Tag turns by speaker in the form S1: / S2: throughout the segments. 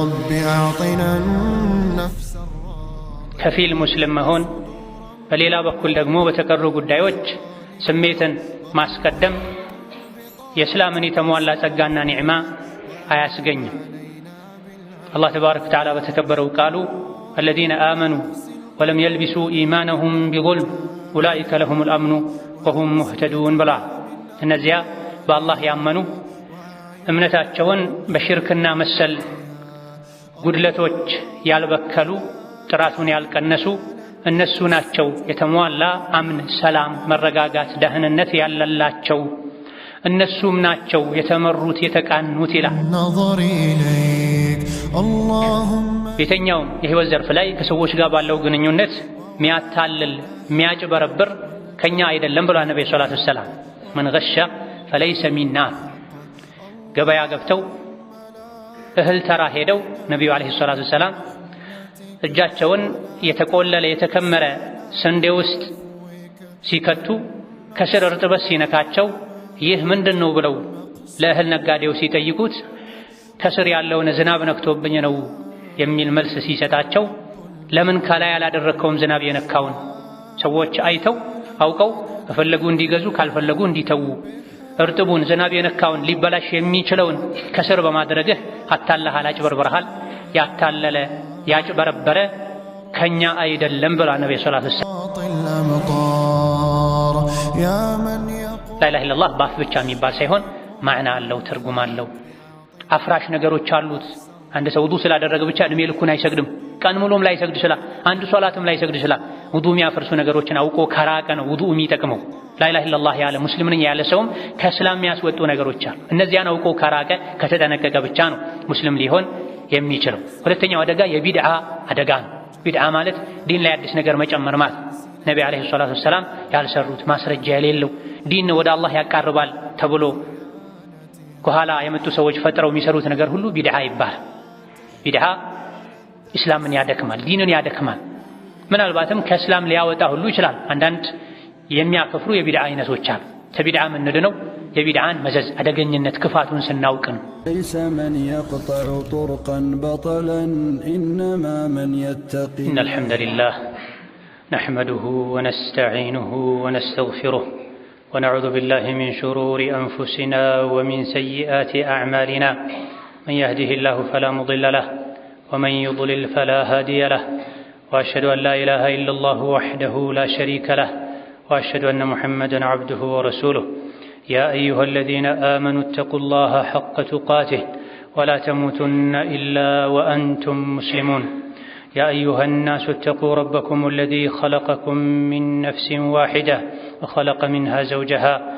S1: رب أعطنا النفس ከፊል ሙስሊም መሆን፣ በሌላ በኩል ደግሞ በተቀሩ ጉዳዮች ስሜትን ማስቀደም የእስላምን የተሟላ ጸጋና ኒዕማ አያስገኝም። አላህ ተባረከ ወተዓላ በተከበረው ቃሉ አለዚነ አመኑ ወለም የልቢሱ ኢማነሁም ቢዙልም ኡላኢከ ለሁሙል አምኑ ወሁም ሙህተዱን ብሏል። እነዚያ በአላህ ያመኑ እምነታቸውን በሽርክና መሰል ጉድለቶች ያልበከሉ ጥራቱን ያልቀነሱ እነሱ ናቸው የተሟላ አምን፣ ሰላም፣ መረጋጋት፣ ደህንነት ያለላቸው እነሱም ናቸው የተመሩት የተቃኑት ይላል። የተኛውም የህይወት ዘርፍ ላይ ከሰዎች ጋር ባለው ግንኙነት ሚያታልል ሚያጭበረብር ከኛ አይደለም ብሏል ነቢ ሰለላሁ ሰላም። ወሰለም። መን ገሸ ፈለይሰ ሚና ገበያ ገብተው እህል ተራ ሄደው ነቢዩ ዓለይሂ ሰላቱ ወሰላም እጃቸውን የተቆለለ የተከመረ ስንዴ ውስጥ ሲከቱ ከስር እርጥበት ሲነካቸው ይህ ምንድን ነው ብለው ለእህል ነጋዴው ሲጠይቁት ከስር ያለውን ዝናብ ነክቶብኝ ነው የሚል መልስ ሲሰጣቸው ለምን ከላይ አላደረግከውም ዝናብ የነካውን ሰዎች አይተው አውቀው ከፈለጉ እንዲገዙ ካልፈለጉ እንዲተዉ እርጥቡን ዝናብ የነካውን ሊበላሽ የሚችለውን ከስር በማድረግህ አታለሃል፣ አጭበርብረሃል። ያታለለ ያጭበረበረ ከኛ አይደለም ብላ ነቢ ሰላት ላኢላሃ ኢለላህ በአፍ ብቻ የሚባል ሳይሆን ማዕና አለው፣ ትርጉም አለው። አፍራሽ ነገሮች አሉት። አንድ ሰው ውዱ ስላደረገ ብቻ እድሜ ልኩን አይሰግድም። ቀን ሙሉም ላይሰግድ ይችላል። አንድ ሶላትም ላይሰግድ ይችላል። ውዱ የሚያፈርሱ ነገሮችን አውቆ ከራቀ ነው ውዱ የሚጠቅመው። ላኢላሃ ኢለላህ ያለ ሙስሊም ነኝ ያለ ሰውም ከእስላም የሚያስወጡ ነገሮች አሉ። እነዚያን አውቆ ከራቀ ከተጠነቀቀ ብቻ ነው ሙስሊም ሊሆን የሚችለው። ሁለተኛው አደጋ የቢድዓ አደጋ ነው። ቢድዓ ማለት ዲን ላይ አዲስ ነገር መጨመር ማለት ነቢ ዓለይሂ ሰላቱ ወሰላም ያልሰሩት ማስረጃ የሌለው ዲን ወደ አላህ ያቃርባል ተብሎ ከኋላ የመጡ ሰዎች ፈጥረው የሚሰሩት ነገር ሁሉ ቢድዓ ይባላል። ቢድሃ ኢስላምን ያደክማል፣ ዲንን ያደክማል። ምናልባትም ከእስላም ሊያወጣ ሁሉ ይችላል። አንዳንድ የሚያከፍሩ የቢድዓ አይነቶች አሉ። ከቢድዓ ምንድነው? የቢድዓን መዘዝ አደገኝነት ክፋቱን ስናውቅ ነው። ለይሰ መን የቅጠዑ ጡርቀን በጠለን ኢነማ መን የተቂ ኢነ አልሐምደሊላህ ነሕመዱሁ ወነስተዒኑሁ ወነስተግፊሩህ ወነዑዙ ቢላሂ ሚን ሹሩሪ አንፉሲና ወሚን ሰይአቲ አዕማሊና من يهده الله فلا مضل له ومن يضلل فلا هادي له واشهد ان لا اله الا الله وحده لا شريك له واشهد ان محمدا عبده ورسوله يا ايها الذين امنوا اتقوا الله حق تقاته ولا تموتن الا وانتم مسلمون يا ايها الناس اتقوا ربكم الذي خلقكم من نفس واحده وخلق منها زوجها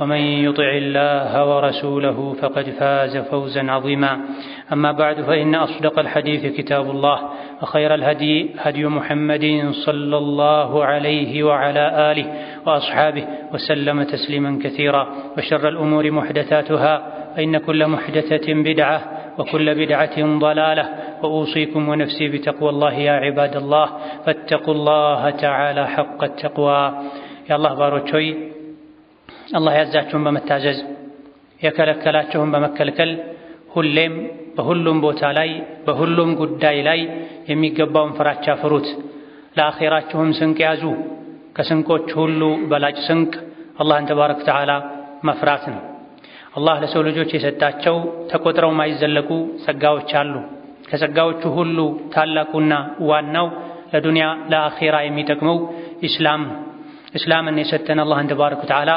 S1: ومن يطع الله ورسوله فقد فاز فوزا عظيما اما بعد فان اصدق الحديث كتاب الله وخير الهدي هدي محمد صلى الله عليه وعلى اله واصحابه وسلم تسليما كثيرا وشر الامور محدثاتها فان كل محدثه بدعه وكل بدعه ضلاله واوصيكم ونفسي بتقوى الله يا عباد الله فاتقوا الله تعالى حق التقوى يا الله باروتشوي አላህ ያዛችሁን በመታዘዝ የከለከላችሁን በመከልከል ሁሌም በሁሉም ቦታ ላይ በሁሉም ጉዳይ ላይ የሚገባውን ፍራቻ ፍሩት። ለአኼራችሁም ስንቅ ያዙ። ከስንቆች ሁሉ በላጭ ስንቅ አላህን ተባረክ ወተዓላ መፍራት ነው። አላህ ለሰው ልጆች የሰጣቸው ተቆጥረው ማይዘለቁ ጸጋዎች አሉ። ከጸጋዎቹ ሁሉ ታላቁና ዋናው ለዱንያ ለአኼራ የሚጠቅመው ኢስላም። ኢስላምን የሰጠን አላህን ተባረክ ወተዓላ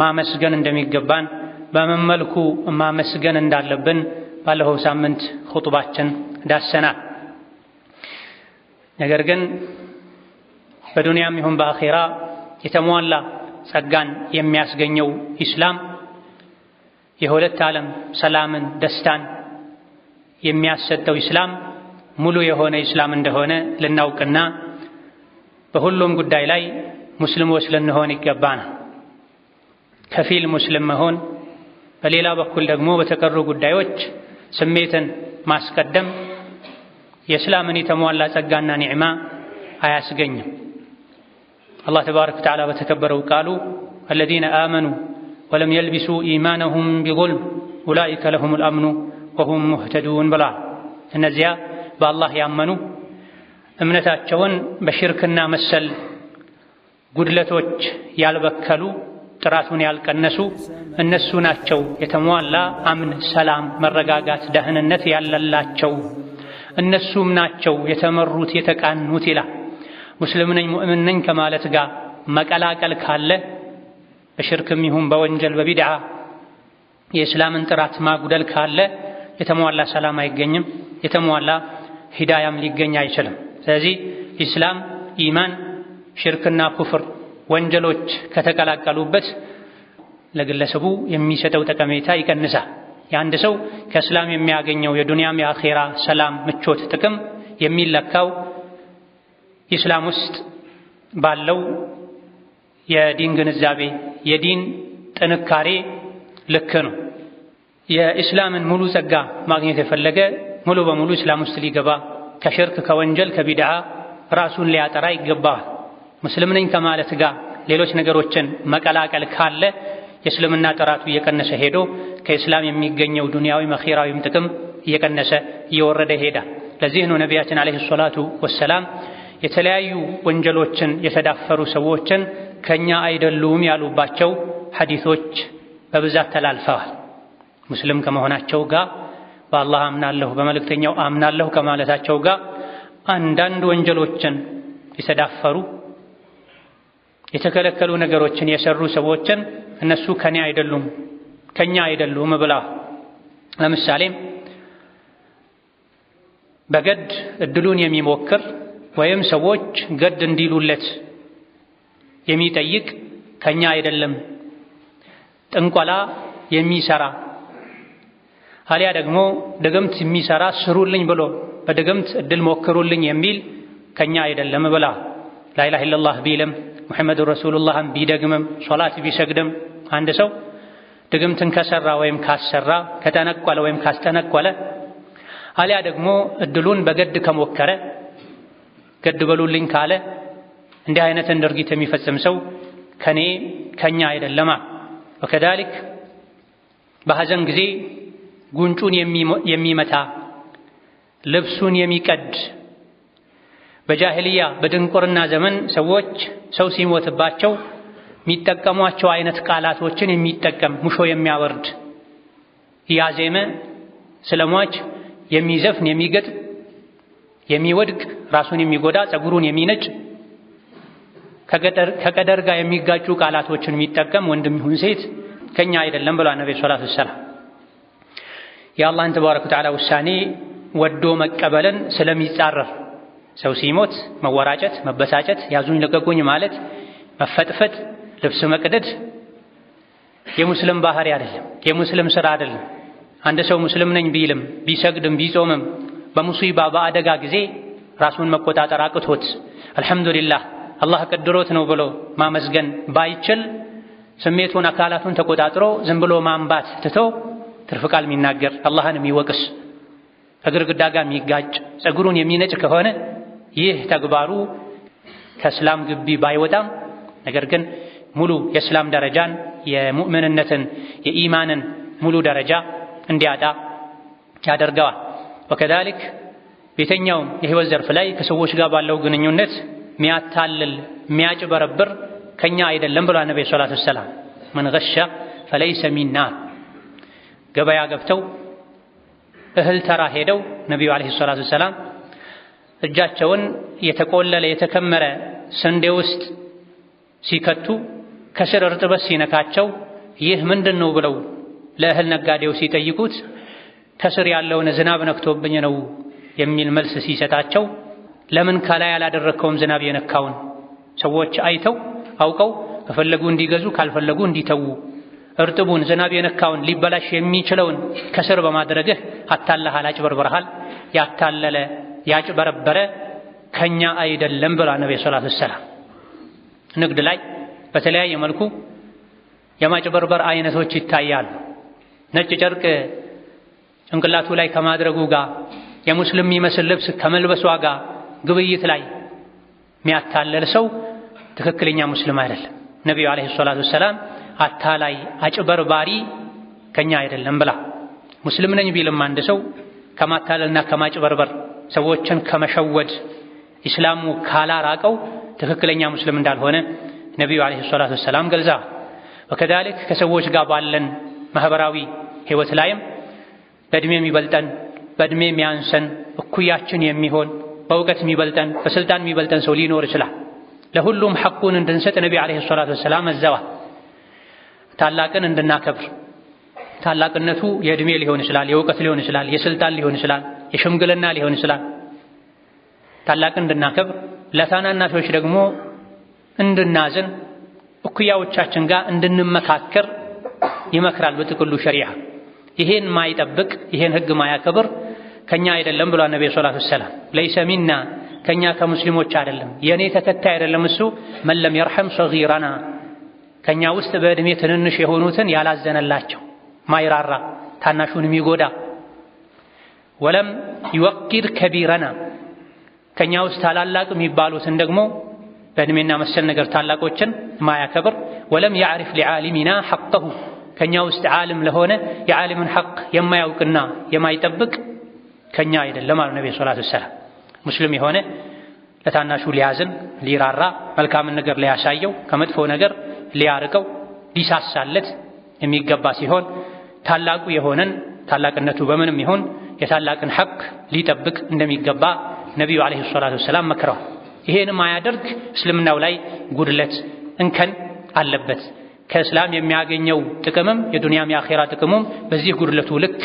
S1: ማመስገን እንደሚገባን በምን መልኩ ማመስገን እንዳለብን ባለፈው ሳምንት ኹጥባችን ዳሰናል። ነገር ግን በዱንያም ይሁን በአኼራ የተሟላ ጸጋን የሚያስገኘው ኢስላም የሁለት ዓለም ሰላምን፣ ደስታን የሚያሰጠው ኢስላም ሙሉ የሆነ ኢስላም እንደሆነ ልናውቅና በሁሉም ጉዳይ ላይ ሙስሊሞች ልንሆን ይገባናል። كفيل مسلم مهون فليلا بكل دقمو بتكرر قدائيوك سميتا ماسك الدم يسلامني تمو الله تقانا نعما آياس قنيا الله تبارك وتعالى بتكبروا وقالوا الذين آمنوا ولم يلبسوا إيمانهم بظلم أولئك لهم الأمن وهم مهتدون بلا النزياء بالله يأمنوا أمنتا تشون بشركنا مسل قدلتوك يالبكلوا ጥራቱን ያልቀነሱ እነሱ ናቸው የተሟላ አምን፣ ሰላም፣ መረጋጋት፣ ደህንነት ያለላቸው እነሱም ናቸው የተመሩት የተቃኑት ይላል። ሙስሊም ነኝ ሙእምን ነኝ ከማለት ጋር መቀላቀል ካለ በሽርክም ይሁን በወንጀል በቢድዓ የእስላምን ጥራት ማጉደል ካለ የተሟላ ሰላም አይገኝም፣ የተሟላ ሂዳያም ሊገኝ አይችልም። ስለዚህ ኢስላም፣ ኢማን፣ ሽርክና ኩፍር ወንጀሎች ከተቀላቀሉበት ለግለሰቡ የሚሰጠው ጠቀሜታ ይቀንሳል። የአንድ ሰው ከእስላም የሚያገኘው የዱንያም የአኼራ ሰላም፣ ምቾት፣ ጥቅም የሚለካው ኢስላም ውስጥ ባለው የዲን ግንዛቤ የዲን ጥንካሬ ልክ ነው። የኢስላምን ሙሉ ጸጋ ማግኘት የፈለገ ሙሉ በሙሉ ኢስላም ውስጥ ሊገባ ከሽርክ፣ ከወንጀል፣ ከቢድዓ ራሱን ሊያጠራ ይገባዋል። ሙስልም ነኝ ከማለት ጋር ሌሎች ነገሮችን መቀላቀል ካለ የእስልምና ጥራቱ እየቀነሰ ሄዶ ከእስላም የሚገኘው ዱንያዊ አኺራዊም ጥቅም እየቀነሰ እየወረደ ይሄዳል። ለዚህ ነው ነቢያችን አለይሂ ሰላቱ ወሰላም የተለያዩ ወንጀሎችን የተዳፈሩ ሰዎችን ከኛ አይደሉም ያሉባቸው ሐዲሶች በብዛት ተላልፈዋል። ሙስልም ከመሆናቸው ጋር በአላህ አምናለሁ በመልእክተኛው አምናለሁ ከማለታቸው ጋር አንዳንድ ወንጀሎችን የተዳፈሩ የተከለከሉ ነገሮችን የሰሩ ሰዎችን እነሱ ከኔ አይደሉም ከኛ አይደሉም ብላ ለምሳሌም በገድ እድሉን የሚሞክር ወይም ሰዎች ገድ እንዲሉለት የሚጠይቅ ከኛ አይደለም፣ ጥንቆላ የሚሰራ አሊያ ደግሞ ድግምት የሚሰራ ስሩልኝ ብሎ በድግምት እድል ሞክሩልኝ የሚል ከኛ አይደለም ብላ ላኢላሃ ኢለላህ ቢልም ሙሐመዱን ረሱሉላህን ቢደግምም ሶላት ቢሰግድም አንድ ሰው ድግምትን ከሰራ ወይም ካሰራ ከጠነቆለ ወይም ካስጠነቆለ አሊያ ደግሞ እድሉን በገድ ከሞከረ ገድ በሉልኝ ካለ እንዲህ አይነትን ድርጊት የሚፈጽም ሰው ከኔ ከኛ አይደለማ። ወከዛሊክ በሐዘን ጊዜ ጉንጩን የሚመታ ልብሱን የሚቀድ በጃህልያ በድንቁርና ዘመን ሰዎች ሰው ሲሞትባቸው የሚጠቀሟቸው አይነት ቃላቶችን የሚጠቀም ሙሾ የሚያወርድ እያዜመ ስለሟች የሚዘፍን የሚገጥ የሚወድቅ ራሱን የሚጎዳ ጸጉሩን የሚነጭ ከቀደር ጋር የሚጋጩ ቃላቶችን የሚጠቀም ወንድም ይሁን ሴት ከኛ አይደለም ብሏል ነብዩ ሰለላሁ ዐለይሂ ወሰለም። የአላህን ተባረከ ወተዓላ ውሳኔ ወዶ መቀበልን ስለሚጻረር ሰው ሲሞት መወራጨት፣ መበሳጨት፣ ያዙኝ ለቀቁኝ ማለት፣ መፈጥፈጥ፣ ልብስ መቅደድ የሙስልም ባህሪ አይደለም፣ የሙስልም ስራ አይደለም። አንድ ሰው ሙስልም ነኝ ቢልም ቢሰግድም ቢጾምም በሙሲባ በአደጋ ጊዜ ራሱን መቆጣጠር አቅቶት አልሐምዱሊላህ አላህ ቀድሮት ነው ብሎ ማመስገን ባይችል ስሜቱን አካላቱን ተቆጣጥሮ ዝም ብሎ ማንባት ትቶ ትርፍ ቃል የሚናገር አላህን የሚወቅስ ከግድግዳ ጋር የሚጋጭ ጸጉሩን የሚነጭ ከሆነ ይህ ተግባሩ ከእስላም ግቢ ባይወጣም ነገር ግን ሙሉ የእስላም ደረጃን የሙእምንነትን የኢማንን ሙሉ ደረጃ እንዲያጣ ያደርገዋል። ወከዛሊክ በየትኛውም የህይወት ዘርፍ ላይ ከሰዎች ጋር ባለው ግንኙነት ሚያታልል ሚያጭበረብር ከኛ አይደለም ብሏል ነቢ ሰለላሁ ዐለይሂ ወሰለም። መን ፈለይሰ ሚና። ገበያ ገብተው እህል ተራ ሄደው ነቢዩ ዐለይሂ ሰላቱ ወሰላም እጃቸውን የተቆለለ የተከመረ ስንዴ ውስጥ ሲከቱ ከስር እርጥበት ሲነካቸው ይህ ምንድን ነው ብለው ለእህል ነጋዴው ሲጠይቁት ከስር ያለውን ዝናብ ነክቶብኝ ነው የሚል መልስ ሲሰጣቸው ለምን ከላይ አላደረግከውም ዝናብ የነካውን ሰዎች አይተው አውቀው ከፈለጉ እንዲገዙ ካልፈለጉ እንዲተዉ እርጥቡን ዝናብ የነካውን ሊበላሽ የሚችለውን ከስር በማድረግህ አታላህ አላጭበርብረሃል ያታለለ ያጭበረበረ ከኛ አይደለም ብላ ነቢ ሰላቱ ሰላም። ንግድ ላይ በተለያየ መልኩ የማጭበርበር አይነቶች ይታያሉ። ነጭ ጨርቅ ጭንቅላቱ ላይ ከማድረጉ ጋር የሙስሊም የሚመስል ልብስ ከመልበሷ ጋር ግብይት ላይ የሚያታለል ሰው ትክክለኛ ሙስሊም አይደለም። ነቢዩ ዓለይሂ ሰላቱ ሰላም አታላይ፣ አጭበርባሪ ከኛ አይደለም ብላ ሙስሊም ነኝ ቢልም አንድ ሰው ከማታለልና ከማጭበርበር ሰዎችን ከመሸወድ ኢስላሙ ካላራቀው ትክክለኛ ሙስሊም እንዳልሆነ ነቢዩ ዓለይሂ ሰላቱ ወሰላም ገልጸዋል። ወከዛሊክ ከሰዎች ጋር ባለን ማህበራዊ ህይወት ላይም በእድሜ የሚበልጠን በእድሜ የሚያንሰን እኩያችን የሚሆን በእውቀት የሚበልጠን በስልጣን የሚበልጠን ሰው ሊኖር ይችላል። ለሁሉም ሐቁን እንድንሰጥ ነቢዩ ዓለይሂ ሰላቱ ወሰላም አዘዋ። ታላቅን እንድናከብር ታላቅነቱ የእድሜ ሊሆን ይችላል፣ የእውቀት ሊሆን ይችላል፣ የስልጣን ሊሆን ይችላል የሽምግልና ሊሆን ይችላል። ታላቅ እንድናከብር ለታናናሾች ደግሞ እንድናዝን እኩያዎቻችን ጋር እንድንመካከር ይመክራል። በጥቅሉ ሸሪዓ ይሄን ማይጠብቅ ይሄን ህግ ማያከብር ከኛ አይደለም ብሏል ነብዩ ሰለላሁ ዐለይሂ ወሰለም። ለይሰ ሚና ከኛ ከሙስሊሞች አይደለም የኔ ተከታይ አይደለም እሱ መለም የርሐም ሰጊራና ከኛ ውስጥ በእድሜ ትንንሽ የሆኑትን ያላዘነላቸው ማይራራ ታናሹን የሚጎዳ ወለም ይወቂር ከቢረና ከእኛ ውስጥ ታላላቅ የሚባሉትን ደግሞ በእድሜና መሰል ነገር ታላቆችን ማያከብር ወለም ያዕሪፍ ሊዓሊሚና ሐቀሁ ከእኛ ውስጥ ዓለም ለሆነ የዓለምን ሐቅ የማያውቅና የማይጠብቅ ከእኛ አይደለም አሉ ነቢዩ ሰላቱ ወሰላም። ሙስሊም የሆነ ለታናሹ ሊያዝን ሊራራ፣ መልካምን ነገር ሊያሳየው፣ ከመጥፎ ነገር ሊያርቀው፣ ሊሳሳለት የሚገባ ሲሆን ታላቁ የሆነን ታላቅነቱ በምንም ይሁን የታላቅን ሐቅ ሊጠብቅ እንደሚገባ ነቢዩ ዓለይሂ ሰላቱ ወሰላም መክረዋል። ይሄንም አያደርግ እስልምናው ላይ ጉድለት እንከን አለበት። ከእስላም የሚያገኘው ጥቅምም የዱንያም የአኼራ ጥቅሙም በዚህ ጉድለቱ ልክ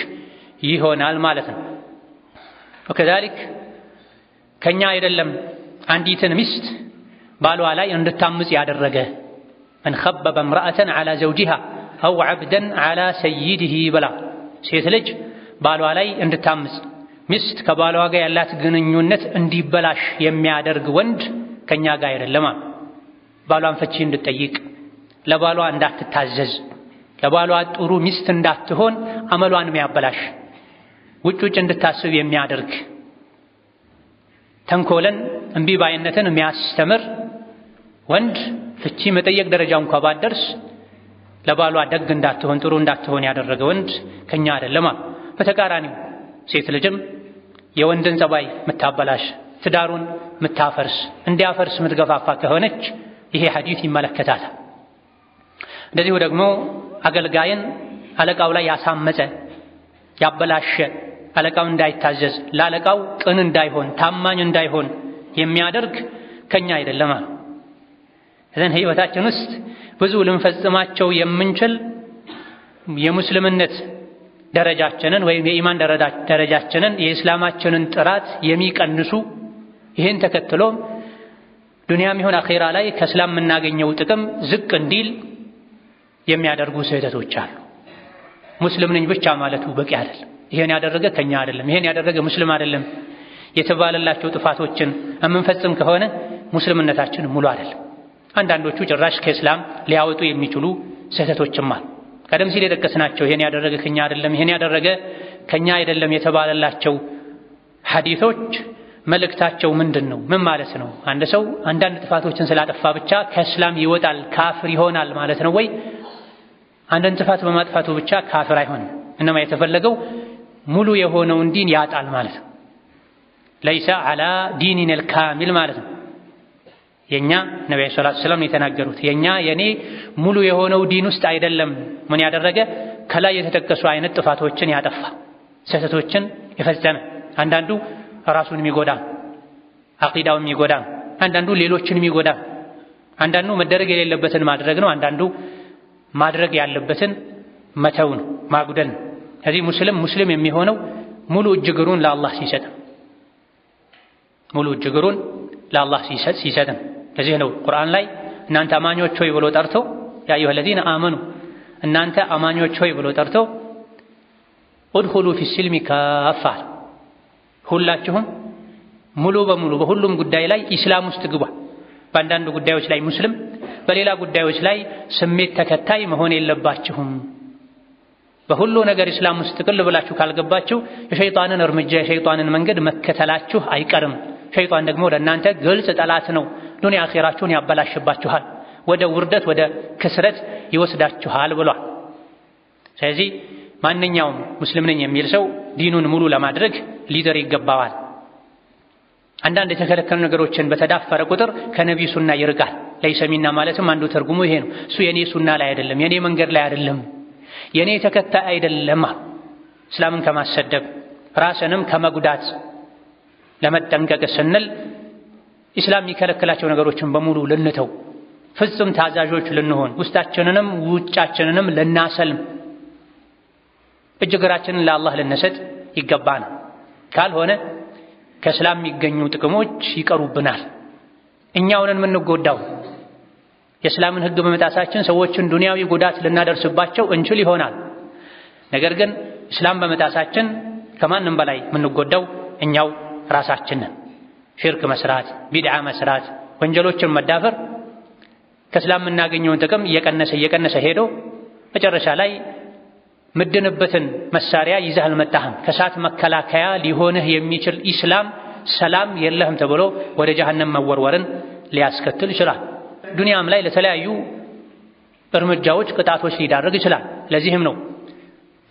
S1: ይሆናል ማለት ነው። ወከዛሊክ ከኛ አይደለም አንዲትን ሚስት ባሏ ላይ እንድታምጽ ያደረገ መን ኸበበ እምረአተን ዓላ ዘውጂሃ አው ዓብደን ዓላ ሰይድህ ብላ ሴት ልጅ ባሏ ላይ እንድታምጽ ሚስት ከባሏ ጋር ያላት ግንኙነት እንዲበላሽ የሚያደርግ ወንድ ከኛ ጋር አይደለም። ባሏን ፍቺ እንድጠይቅ ለባሏ እንዳትታዘዝ ለባሏ ጥሩ ሚስት እንዳትሆን አመሏን የሚያበላሽ ውጭ ውጭ እንድታስብ የሚያደርግ ተንኮለን እምቢ ባይነትን የሚያስተምር ወንድ ፍቺ መጠየቅ ደረጃ እንኳ ለባሏ ደግ እንዳትሆን ጥሩ እንዳትሆን ያደረገ ወንድ ከኛ አይደለም። በተቃራኒው ሴት ልጅም የወንድን ጸባይ ምታበላሽ፣ ትዳሩን ምታፈርስ፣ እንዲያፈርስ ምትገፋፋ ከሆነች ይሄ ሐዲስ ይመለከታል። እንደዚሁ ደግሞ አገልጋይን አለቃው ላይ ያሳመፀ ያበላሸ አለቃው እንዳይታዘዝ ለአለቃው ቅን እንዳይሆን ታማኝ እንዳይሆን የሚያደርግ ከኛ አይደለም አሉ። እዘን ህይወታችን ውስጥ ብዙ ልንፈጽማቸው የምንችል የሙስልምነት ደረጃችንን ወይም የኢማን ደረጃችንን የእስላማችንን ጥራት የሚቀንሱ ይህን ተከትሎም ዱንያም ይሁን አኼራ ላይ ከእስላም የምናገኘው ጥቅም ዝቅ እንዲል የሚያደርጉ ስህተቶች አሉ። ሙስሊም ነኝ ብቻ ማለቱ በቂ አይደለም። ይሄን ያደረገ ከኛ አይደለም፣ ይሄን ያደረገ ሙስሊም አይደለም የተባለላቸው ጥፋቶችን የምንፈጽም ከሆነ ሙስልምነታችን ሙሉ አይደለም። አንዳንዶቹ ጭራሽ ከእስላም ሊያወጡ የሚችሉ ስህተቶችም አሉ። ቀደም ሲል የጠቀስናቸው ይሄን ያደረገ ከኛ አይደለም ይሄን ያደረገ ከኛ አይደለም የተባለላቸው ሐዲቶች መልእክታቸው ምንድን ነው? ምን ማለት ነው? አንድ ሰው አንዳንድ ጥፋቶችን ስላጠፋ ብቻ ከእስላም ይወጣል ካፍር ይሆናል ማለት ነው ወይ? አንዳንድ ጥፋት በማጥፋቱ ብቻ ካፍር አይሆንም። እነማ የተፈለገው ሙሉ የሆነውን ዲን ያጣል ማለት ነው። ለይሰ ዐላ ዲኒን አልካሚል ማለት ነው። የኛ ነብይ ሰለላሁ ዐለይሂ ወሰለም የተናገሩት የኛ የኔ ሙሉ የሆነው ዲን ውስጥ አይደለም። ምን ያደረገ ከላይ የተጠቀሱ አይነት ጥፋቶችን ያጠፋ ስህተቶችን የፈጸመ አንዳንዱ ራሱን የሚጎዳ አቂዳው የሚጎዳ አንዳንዱ ሌሎችን የሚጎዳ አንዳንዱ መደረግ የሌለበትን ማድረግ ነው። አንዳንዱ ማድረግ ያለበትን መተው ነው፣ ማጉደል ነው። እዚህ ሙስልም ሙስልም የሚሆነው ሙሉ እጅግሩን ለአላህ ሲሰጥ ሙሉ እጅግሩን ለአላህ ሲሰጥ ሲሰጥ ለዚህ ነው ቁርአን ላይ እናንተ አማኞች ሆይ ብሎ ጠርቶ ያ አዩሀ ለዚነ አመኑ እናንተ አማኞች ሆይ ብሎ ጠርቶ ኡድኹሉ ፊ ሲልሚ ሁላችሁም ሙሉ በሙሉ በሁሉም ጉዳይ ላይ ኢስላም ውስጥ ግባ። በአንዳንድ ጉዳዮች ላይ ሙስልም፣ በሌላ ጉዳዮች ላይ ስሜት ተከታይ መሆን የለባችሁም። በሁሉ ነገር ኢስላም ውስጥ ቅል ብላችሁ ካልገባችሁ የሸይጣንን እርምጃ የሸይጣንን መንገድ መከተላችሁ አይቀርም። ሸይጣን ደግሞ ለእናንተ ግልጽ ጠላት ነው። ዱንያ አኼራችሁን ያበላሽባችኋል፣ ወደ ውርደት ወደ ክስረት ይወስዳችኋል ብሏል። ስለዚህ ማንኛውም ሙስሊም ነኝ የሚል ሰው ዲኑን ሙሉ ለማድረግ ሊደር ይገባዋል። አንዳንድ የተከለከሉ ነገሮችን በተዳፈረ ቁጥር ከነቢዩ ሱና ይርቃል። ለይሰሚና ማለትም አንዱ ትርጉሙ ይሄ ነው። እሱ የኔ ሱና ላይ አይደለም፣ የኔ መንገድ ላይ አይደለም፣ የኔ ተከታይ አይደለም። እስላምን ከማሰደብ ራስንም ከመጉዳት ለመጠንቀቅ ስንል ኢስላም የሚከለክላቸው ነገሮችን በሙሉ ልንተው፣ ፍጹም ታዛዦች ልንሆን፣ ውስጣችንንም ውጫችንንም ልናሰልም፣ እጅ እግራችንን ለአላህ ልንሰጥ ይገባናል። ካልሆነ ከእስላም የሚገኙ ጥቅሞች ይቀሩብናል። እኛውንን የምንጎዳው የእስላምን ሕግ በመጣሳችን ሰዎችን ዱንያዊ ጉዳት ልናደርስባቸው እንችል ይሆናል። ነገር ግን እስላም በመጣሳችን ከማንም በላይ የምንጎዳው እኛው ራሳችንን? ሽርክ መስራት፣ ቢድዓ መስራት፣ ወንጀሎችን መዳፈር ከእስላም የምናገኘውን ጥቅም እየቀነሰ እየቀነሰ ሄዶ መጨረሻ ላይ ምድንበትን መሳሪያ ይዘህ አልመጣህም ከእሳት መከላከያ ሊሆንህ የሚችል ኢስላም ሰላም የለህም ተብሎ ወደ ጀሀነም መወርወርን ሊያስከትል ይችላል። ዱንያም ላይ ለተለያዩ እርምጃዎች፣ ቅጣቶች ሊዳርግ ይችላል። ለዚህም ነው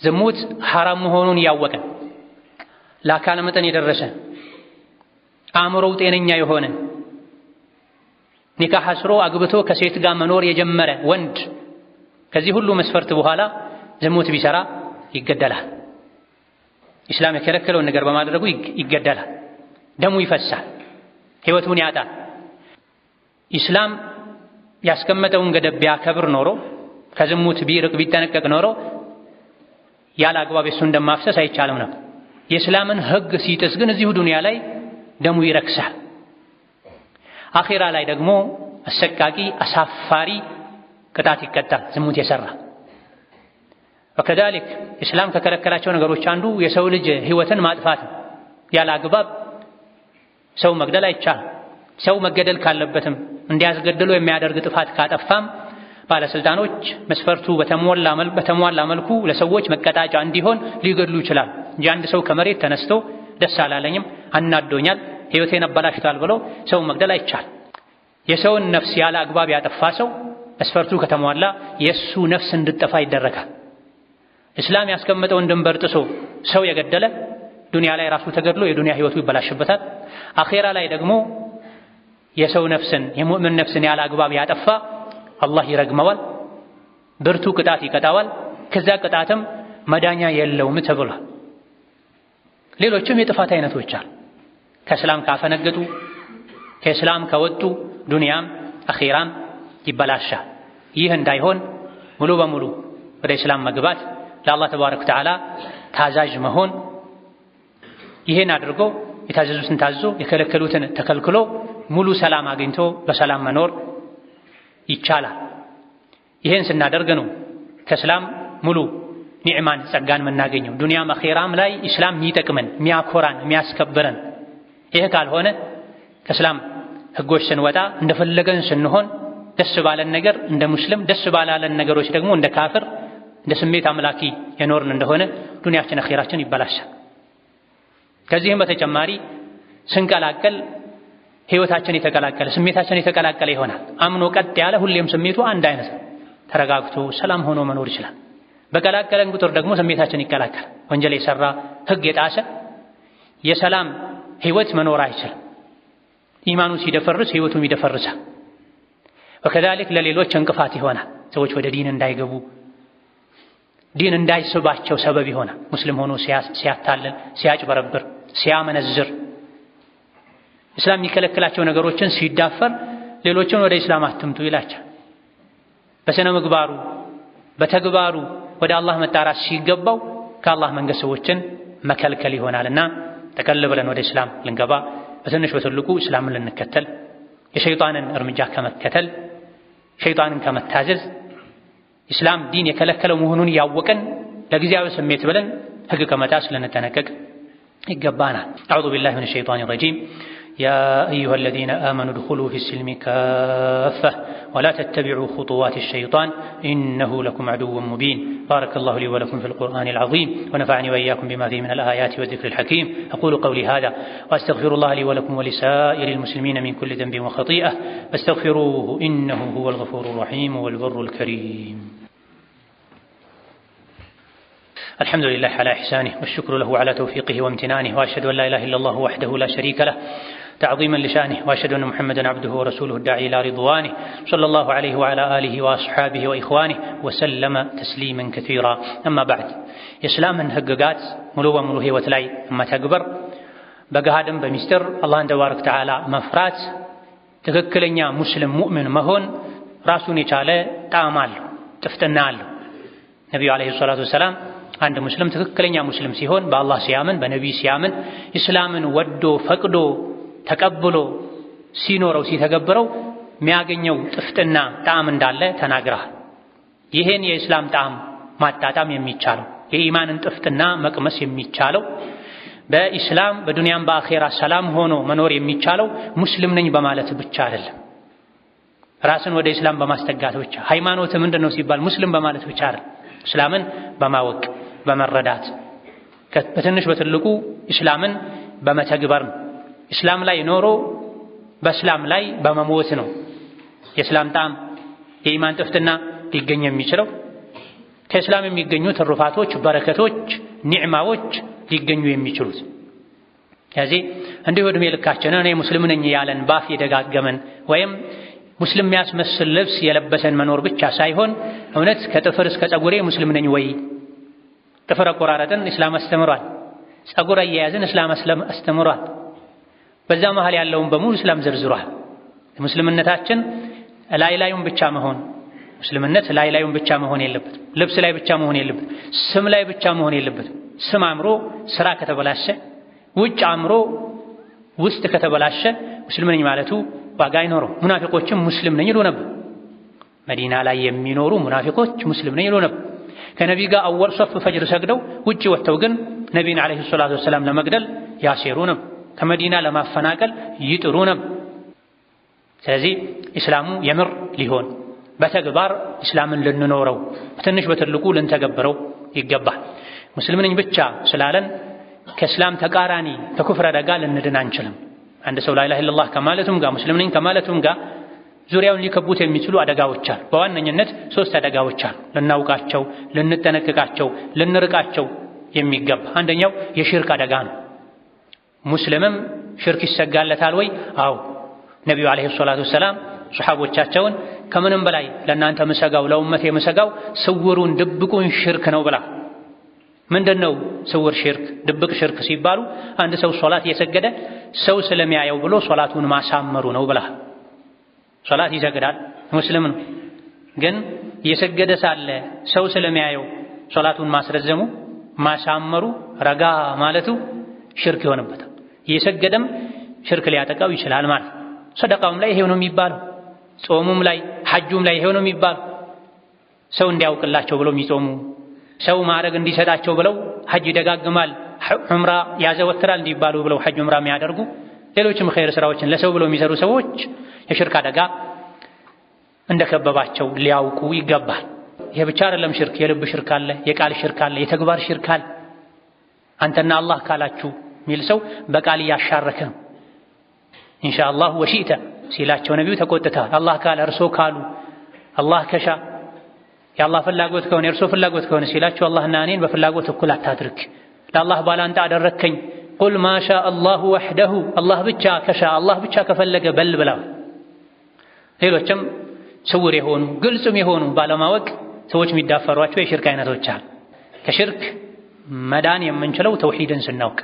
S1: ዝሙት ሐራም መሆኑን እያወቀን ለአካለ መጠን የደረሰ አእምሮው ጤነኛ የሆነ ኒካህ አስሮ አግብቶ ከሴት ጋር መኖር የጀመረ ወንድ ከዚህ ሁሉ መስፈርት በኋላ ዝሙት ቢሰራ ይገደላል። ኢስላም የከለከለውን ነገር በማድረጉ ይገደላል። ደሙ ይፈሳል፣ ህይወቱን ያጣል። ኢስላም ያስቀመጠውን ገደብ ቢያከብር ኖሮ ከዝሙት ቢርቅ ቢጠነቀቅ ኖሮ ያለ አግባብ የሱን ደም አይቻልም ነበር። የእስላምን ህግ ሲጥስ ግን እዚሁ ዱንያ ላይ ደሙ ይረክሳል። አኼራ ላይ ደግሞ አሰቃቂ አሳፋሪ ቅጣት ይቀጣል። ዝሙት የሰራ ወከዛሊክ እስላም ከከለከላቸው ነገሮች አንዱ የሰው ልጅ ህይወትን ማጥፋት ያለ አግባብ ሰው መግደል አይቻልም። ሰው መገደል ካለበትም እንዲያስገድሉ የሚያደርግ ጥፋት ካጠፋም ባለስልጣኖች መስፈርቱ በተሟላ መልኩ ለሰዎች መቀጣጫ እንዲሆን ሊገድሉ ይችላል እንጂ አንድ ሰው ከመሬት ተነስቶ ደስ አላለኝም አናዶኛል፣ ህይወቴ አበላሽቷል ብሎ ሰውን መግደል አይቻል። የሰውን ነፍስ ያለ አግባብ ያጠፋ ሰው መስፈርቱ ከተሟላ የእሱ ነፍስ እንድጠፋ ይደረጋል። እስላም ያስቀመጠውን ድንበር ጥሶ ሰው የገደለ ዱንያ ላይ ራሱ ተገድሎ የዱንያ ህይወቱ ይበላሽበታል። አኼራ ላይ ደግሞ የሰው ነፍስን የሙእምን ነፍስን ያለ አግባብ ያጠፋ አላህ ይረግመዋል፣ ብርቱ ቅጣት ይቀጣዋል። ከዛ ቅጣትም መዳኛ የለውም ተብሏል። ሌሎችም የጥፋት አይነቶች አሉ። ከእስላም ካፈነገጡ ከእስላም ከወጡ ዱንያም አኼራም ይበላሻል። ይህ እንዳይሆን ሙሉ በሙሉ ወደ እስላም መግባት ለአላህ ተባረከ ወተዓላ ታዛዥ መሆን ይህን አድርጎ የታዘዙትን ታዞ የከለከሉትን ተከልክሎ ሙሉ ሰላም አግኝቶ በሰላም መኖር ይቻላል። ይህን ስናደርግ ነው ከእስላም ሙሉ ኒዕማን ጸጋን የምናገኘው። ዱንያም አኼራም ላይ እስላም የሚጠቅመን የሚያኮራን የሚያስከብረን ይህ ካልሆነ ከእስላም ህጎች ስንወጣ እንደፈለገን ስንሆን ደስ ባለን ነገር እንደ ሙስሊም ደስ ባላለን ነገሮች ደግሞ እንደ ካፍር እንደ ስሜት አምላኪ የኖርን እንደሆነ ዱንያችን አኼራችን ይበላሻል። ከዚህም በተጨማሪ ስንቀላቀል ህይወታችን የተቀላቀለ ስሜታችን የተቀላቀለ ይሆናል። አምኖ ቀጥ ያለ ሁሌም ስሜቱ አንድ አይነት ነው። ተረጋግቶ ሰላም ሆኖ መኖር ይችላል። በቀላቀለን ቁጥር ደግሞ ስሜታችን ይቀላቀል። ወንጀል የሰራ ህግ የጣሰ የሰላም ህይወት መኖር አይችልም። ኢማኑ ሲደፈርስ ህይወቱም ይደፈርሳል። ወከዛሊክ ለሌሎች እንቅፋት ይሆናል። ሰዎች ወደ ዲን እንዳይገቡ ዲን እንዳይስባቸው ሰበብ ይሆናል። ሙስሊም ሆኖ ሲያታልል፣ ሲያጭበረብር፣ ሲያመነዝር እስላም የሚከለክላቸው ነገሮችን ሲዳፈር ሌሎችን ወደ እስላም አትምጡ ይላቸዋል። በስነ ምግባሩ በተግባሩ ወደ አላህ መጣራት ሲገባው ከአላህ መንገድ ሰዎችን መከልከል ይሆናልና ጠቀል ብለን ወደ እስላም ልንገባ በትንሽ በትልቁ እስላምን ልንከተል የሸይጣንን እርምጃ ከመከተል ሸይጣንን ከመታዘዝ እስላም ዲን የከለከለው መሆኑን ያወቀን ለጊዜያዊ ስሜት ብለን ህግ ከመጣስ ልንጠነቀቅ ይገባናል። አዑዙ ቢላሂ ሚነ ሸይጣኒ ረጂም يا أيها الذين آمنوا ادخلوا في السلم كافة ولا تتبعوا خطوات الشيطان إنه لكم عدو مبين بارك الله لي ولكم في القرآن العظيم ونفعني وإياكم بما فيه من الآيات والذكر الحكيم أقول قولي هذا وأستغفر الله لي ولكم ولسائر المسلمين من كل ذنب وخطيئة فاستغفروه إنه هو الغفور الرحيم والبر الكريم الحمد لله على إحسانه والشكر له على توفيقه وامتنانه وأشهد أن لا إله إلا الله وحده لا شريك له تعظيما لشانه واشهد ان محمدا عبده ورسوله الداعي الى رضوانه صلى الله عليه وعلى اله واصحابه واخوانه وسلم تسليما كثيرا اما بعد اسلام ان هجقات ملوه ملوه وتلاي اما تكبر بقهادم بمستر الله تبارك تعالى مفرات تككلنيا مسلم مؤمن مهون راسوني تعالى تامال تفتنال النبي عليه الصلاه والسلام عند مسلم تككلنيا مسلم سيهون بالله سيامن بنبي سيامن اسلام ودو فقدو ተቀብሎ ሲኖረው ሲተገብረው የሚያገኘው ጥፍጥና ጣዕም እንዳለ ተናግረሃል። ይሄን የእስላም ጣዕም ማጣጣም የሚቻለው የኢማንን ጥፍጥና መቅመስ የሚቻለው በኢስላም በዱንያም በአኼራ ሰላም ሆኖ መኖር የሚቻለው ሙስሊም ነኝ በማለት ብቻ አይደለም፣ ራስን ወደ እስላም በማስጠጋት ብቻ ሃይማኖት ምንድን ነው ሲባል ሙስሊም በማለት ብቻ አይደለም፣ እስላምን በማወቅ በመረዳት በትንሽ በትልቁ እስላምን በመተግበር ነው። እስላም ላይ ኖሮ በእስላም ላይ በመሞት ነው የእስላም ጣዕም የኢማን ጥፍጥና ሊገኝ የሚችለው ከእስላም የሚገኙ ትሩፋቶች፣ በረከቶች፣ ኒዕማዎች ሊገኙ የሚችሉት። ስለዚህ እንዲሁ ዕድሜ ልካችን እኔ ሙስሊም ነኝ ያለን ባፍ የደጋገመን ወይም ሙስሊም የሚያስመስል ልብስ የለበሰን መኖር ብቻ ሳይሆን እውነት ከጥፍር እስከ ጸጉሬ ሙስሊም ነኝ ወይ? ጥፍር አቆራረጥን እስላም አስተምሯል። ጸጉር አያያዝን እስላም አስተምሯል። በዛ መሃል ያለውን በሙሉ እስላም ዘርዝሯል። ሙስልምነታችን ላይ ላዩን ብቻ መሆን ሙስልምነት ላይ ላዩን ብቻ መሆን የለበትም። ልብስ ላይ ብቻ መሆን የለበትም። ስም ላይ ብቻ መሆን የለበትም። ስም አምሮ ስራ ከተበላሸ፣ ውጭ አምሮ ውስጥ ከተበላሸ ሙስሊም ነኝ ማለቱ ዋጋ አይኖረው። ሙናፊቆችም ሙስሊም ነኝ ይሉ ነበር። መዲና ላይ የሚኖሩ ሙናፊቆች ሙስሊም ነኝ ይሉ ነበር። ከነቢይ ጋር አወል ሶፍ ፈጅር ሰግደው ውጭ ወጥተው ግን ነቢን ዓለይሂ ሰላቱ ወሰላም ለመግደል ያሴሩ ነበር። ከመዲና ለማፈናቀል ይጥሩ ነበር። ስለዚህ ኢስላሙ የምር ሊሆን በተግባር ኢስላምን ልንኖረው በትንሽ በትልቁ ልንተገብረው ይገባል። ሙስሊም ነኝ ብቻ ስላለን ከእስላም ተቃራኒ ከኩፍር አደጋ ልንድን አንችልም። አንድ ሰው ላኢላሃ ኢለላህ ከማለቱም ጋር ሙስሊም ነኝ ከማለቱም ጋር ዙሪያውን ሊከቡት የሚችሉ አደጋዎች አሉ። በዋነኝነት ሶስት አደጋዎች አሉ፣ ልናውቃቸው፣ ልንጠነቅቃቸው፣ ልንርቃቸው የሚገባ አንደኛው የሽርክ አደጋ ነው። ሙስልምም ሽርክ ይሰጋለታል ወይ? አው ነቢዩ ዓለይሂ ሰላቱ ወሰላም ሰሓቦቻቸውን ከምንም በላይ ለእናንተ ምሰጋው ለውመት የምሰጋው ስውሩን ድብቁን ሽርክ ነው ብላ። ምንድን ነው ስውር ሽርክ፣ ድብቅ ሽርክ ሲባሉ አንድ ሰው ሶላት እየሰገደ ሰው ስለሚያየው ብሎ ሶላቱን ማሳመሩ ነው ብላ። ሶላት ይሰግዳል ሙስልም ነው፣ ግን እየሰገደ ሳለ ሰው ስለሚያየው ሶላቱን ማስረዘሙ ማሳመሩ ረጋ ማለቱ ሽርክ ይሆንበታል። እየሰገደም ሽርክ ሊያጠቃው ይችላል ማለት ሰደቃውም ላይ ይሄው ነው የሚባለው፣ ጾሙም ላይ ሐጁም ላይ ይሄው ነው የሚባለው። ሰው እንዲያውቅላቸው ብለው የሚጾሙ ሰው ማዕረግ እንዲሰጣቸው ብለው ሐጅ ይደጋግማል፣ ዑምራ ያዘወትራል እንዲባሉ ብለው ሐጅ ዑምራ የሚያደርጉ ሌሎችም ኸይር ስራዎችን ለሰው ብለው የሚሰሩ ሰዎች የሽርክ አደጋ እንደከበባቸው ሊያውቁ ይገባል። ይሄ ብቻ አይደለም ሽርክ፣ የልብ ሽርክ አለ፣ የቃል ሽርክ አለ፣ የተግባር ሽርክ አለ። አንተና አላህ ካላችሁ የሚል ሰው በቃል እያሻረከ ነው። ኢንሻአላህ ወሺእተ ሲላቸው ነቢዩ ተቆጥተዋል። አላህ ካለ እርሶ ካሉ አላህ ከሻ የአላህ ፍላጎት ከሆነ የእርሶ ፍላጎት ከሆነ ሲላቸው አላህና እኔን በፍላጎት እኩል አታድርግ፣ ለአላህ ባላንጣ አደረግከኝ። ቁል ማሻ አላሁ ወሕደሁ አላህ ብቻ ከሻ አላህ ብቻ ከፈለገ በል ብላው። ሌሎችም ስውር የሆኑ ግልጽም የሆኑ ባለማወቅ ሰዎች የሚዳፈሯቸው የሽርክ አይነቶች አሉ። ከሽርክ መዳን የምንችለው ተውሂድን ስናውቅ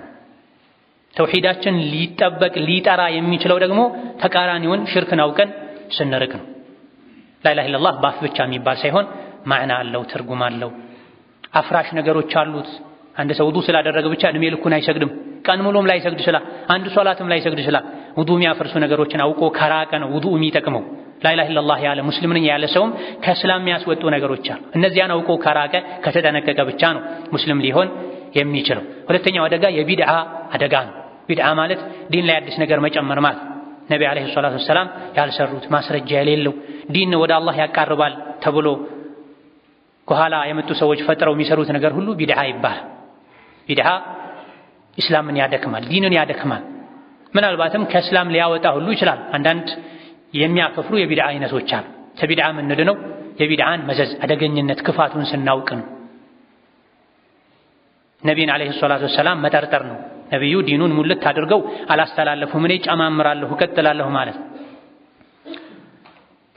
S1: ተውሂዳችን ሊጠበቅ ሊጠራ የሚችለው ደግሞ ተቃራኒውን ሽርክን አውቀን ስንርቅ ነው። ላኢላሃ ኢለላህ በአፍ ብቻ የሚባል ሳይሆን ማዕና አለው፣ ትርጉም አለው። አፍራሽ ነገሮች አሉት። አንድ ሰው ውዱ ስላደረገ ብቻ እድሜ ልኩን አይሰግድም። ቀን ሙሉም ላይሰግድ ይችላል። አንድ ሶላትም ላይሰግድ ይችላል። ውዱ የሚያፈርሱ ነገሮችን አውቆ ከራቀ ነው ውዱ የሚጠቅመው። ላኢላሃ ኢለላህ ያለ ሙስሊም ነኝ ያለ ሰውም ከእስላም የሚያስወጡ ነገሮች አሉ። እነዚያን አውቆ ከራቀ ከተጠነቀቀ ብቻ ነው ሙስሊም ሊሆን የሚችለው። ሁለተኛው አደጋ የቢድዓ አደጋ ነው። ቢድዓ ማለት ዲን ላይ አዲስ ነገር መጨመር ማለት ነቢ ዓለይሂ ሰላቱ ወሰላም ያልሰሩት ማስረጃ የሌለው ዲን ወደ አላህ ያቃርባል ተብሎ ከኋላ የመጡ ሰዎች ፈጥረው የሚሰሩት ነገር ሁሉ ቢድዓ ይባላል። ቢድዓ ኢስላምን ያደክማል፣ ዲንን ያደክማል፣ ምናልባትም ከእስላም ሊያወጣ ሁሉ ይችላል። አንዳንድ የሚያከፍሩ የቢድዓ አይነቶች አሉ። ከቢድዓ የምንድነው? የቢድዓን መዘዝ አደገኝነት ክፋቱን ስናውቅ ነው። ነቢይን ዓለይሂ ሰላቱ ወሰላም መጠርጠር ነው ነቢዩ ዲኑን ሙልት አድርገው አላስተላለፉም። እኔ ጨማምራለሁ እቀጥላለሁ ማለት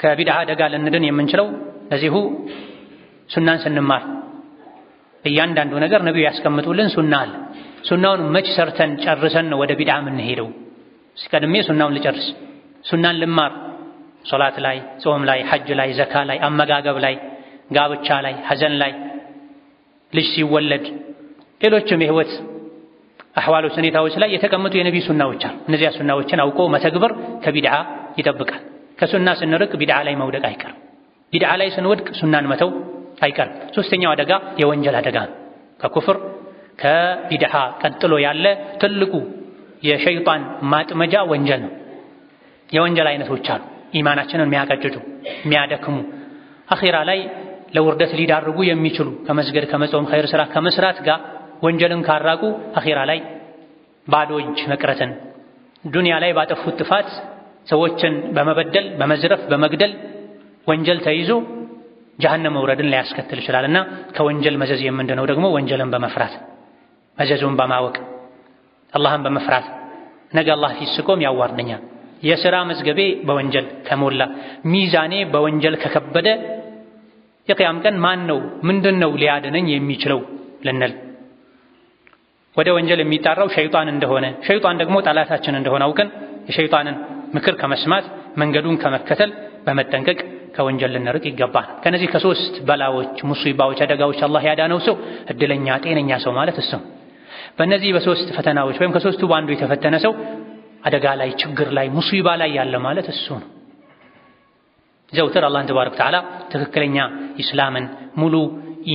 S1: ከቢድዓ አደጋ ልንድን የምንችለው እዚሁ ሱናን ስንማር እያንዳንዱ ነገር ነቢዩ ያስቀምጡልን ሱና አለ። ሱናውን መች ሰርተን ጨርሰን ነው ወደ ቢድዓ የምንሄደው? ሲቀድሜ ሱናውን ልጨርስ፣ ሱናን ልማር፣ ሶላት ላይ፣ ጾም ላይ፣ ሐጅ ላይ፣ ዘካ ላይ፣ አመጋገብ ላይ፣ ጋብቻ ላይ፣ ሐዘን ላይ፣ ልጅ ሲወለድ፣ ሌሎችም የህይወት አህዋሎች፣ ሁኔታዎች ላይ የተቀመጡ የነቢ ሱናዎች አሉ። እነዚያ ሱናዎችን አውቆ መተግበር ከቢድዓ ይጠብቃል። ከሱና ስንርቅ ቢድዓ ላይ መውደቅ አይቀርም። ቢድዓ ላይ ስንወድቅ ሱናን መተው አይቀርም። ሶስተኛው አደጋ የወንጀል አደጋ ነው። ከኩፍር ከቢድዓ ቀጥሎ ያለ ትልቁ የሸይጣን ማጥመጃ ወንጀል ነው። የወንጀል አይነቶች አሉ። ኢማናችንን የሚያቀጭጩ የሚያደክሙ አኺራ ላይ ለውርደት ሊዳርጉ የሚችሉ ከመስገድ ከመጾም ኸይር ስራ ከመስራት ጋር ወንጀልን ካራቁ አኼራ ላይ ባዶ እጅ መቅረትን፣ ዱንያ ላይ ባጠፉት ጥፋት ሰዎችን በመበደል በመዝረፍ በመግደል ወንጀል ተይዞ ጀሀነም መውረድን ሊያስከትል ይችላል እና ከወንጀል መዘዝ የምንድነው ደግሞ ወንጀልን በመፍራት መዘዙን በማወቅ አላህን በመፍራት ነገ አላህ ፊት ስቆም ያዋርደኛል፣ የሥራ መዝገቤ በወንጀል ከሞላ፣ ሚዛኔ በወንጀል ከከበደ የቅያም ቀን ማን ነው ምንድን ነው ሊያድነኝ የሚችለው ልንል ወደ ወንጀል የሚጣራው ሸይጣን እንደሆነ ሸይጣን ደግሞ ጠላታችን እንደሆነ አውቀን የሸይጣንን ምክር ከመስማት መንገዱን ከመከተል በመጠንቀቅ ከወንጀል ልንርቅ ይገባል። ከነዚህ ከሶስት በላዎች፣ ሙሲባዎች፣ አደጋዎች አላህ ያዳነው ሰው እድለኛ ጤነኛ ሰው ማለት እሱ። በእነዚህ በሶስት ፈተናዎች ወይም ከሶስቱ በአንዱ የተፈተነ ሰው አደጋ ላይ፣ ችግር ላይ፣ ሙሲባ ላይ ያለ ማለት እሱ ነው። ዘውትር አላህን ተባረክ ተዓላ ትክክለኛ ኢስላምን ሙሉ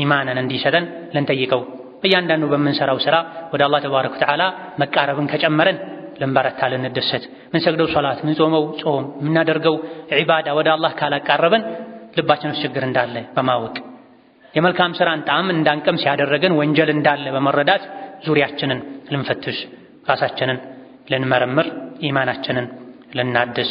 S1: ኢማንን እንዲሰጠን ልንጠይቀው እያንዳንዱ በምንሰራው ስራ ወደ አላህ ተባረከ ወተዓላ መቃረብን ከጨመረን ልንበረታ ልንደሰት፣ ምንሰግደው ሶላት፣ ምንጾመው ጾም፣ የምናደርገው ዒባዳ ወደ አላህ ካላቃረበን ልባችን ውስጥ ችግር እንዳለ በማወቅ የመልካም ስራን ጣዕም እንዳንቀምስ ያደረገን ወንጀል እንዳለ በመረዳት ዙሪያችንን ልንፈትሽ፣ ራሳችንን ልንመረምር፣ ኢማናችንን ልናድስ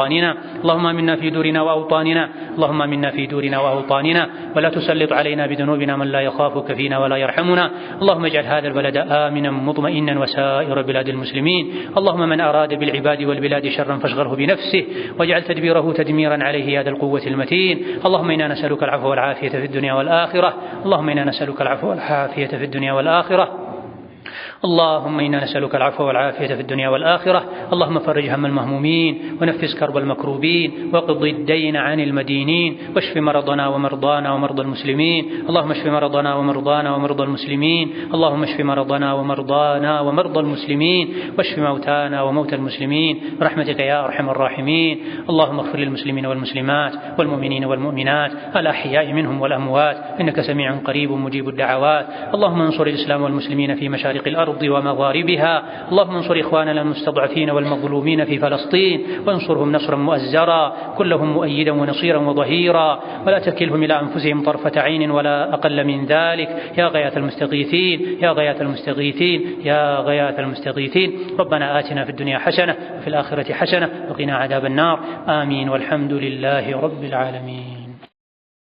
S1: وأوطاننا اللهم منا في دورنا وأوطاننا اللهم منا في دورنا وأوطاننا ولا تسلط علينا بذنوبنا من لا يخافك فينا ولا يرحمنا اللهم اجعل هذا البلد آمنا مطمئنا وسائر بلاد المسلمين اللهم من أراد بالعباد والبلاد شرا فاشغله بنفسه واجعل تدبيره تدميرا عليه يا ذا القوة المتين اللهم إنا نسألك العفو والعافية في الدنيا والآخرة اللهم إنا نسألك العفو والعافية في الدنيا والآخرة اللهم إنا نسألك العفو والعافية في الدنيا والآخرة اللهم فرج هم المهمومين ونفس كرب المكروبين وقض الدين عن المدينين واشف مرضنا ومرضانا ومرضى المسلمين اللهم اشف مرضنا ومرضانا ومرضى المسلمين اللهم اشف مرضنا ومرضانا ومرضى المسلمين واشف موتانا وموتى المسلمين برحمتك يا أرحم الراحمين اللهم اغفر للمسلمين والمسلمات والمؤمنين والمؤمنات الأحياء منهم والأموات إنك سميع قريب مجيب الدعوات اللهم انصر الإسلام والمسلمين في مشارق الأرض الأرض ومغاربها اللهم انصر إخواننا المستضعفين والمظلومين في فلسطين وانصرهم نصرا مؤزرا كلهم مؤيدا ونصيرا وظهيرا ولا تكلهم إلى أنفسهم طرفة عين ولا أقل من ذلك يا غياث المستغيثين يا غياث المستغيثين يا غياث المستغيثين ربنا آتنا في الدنيا حسنة وفي الآخرة حسنة وقنا عذاب النار آمين والحمد لله رب العالمين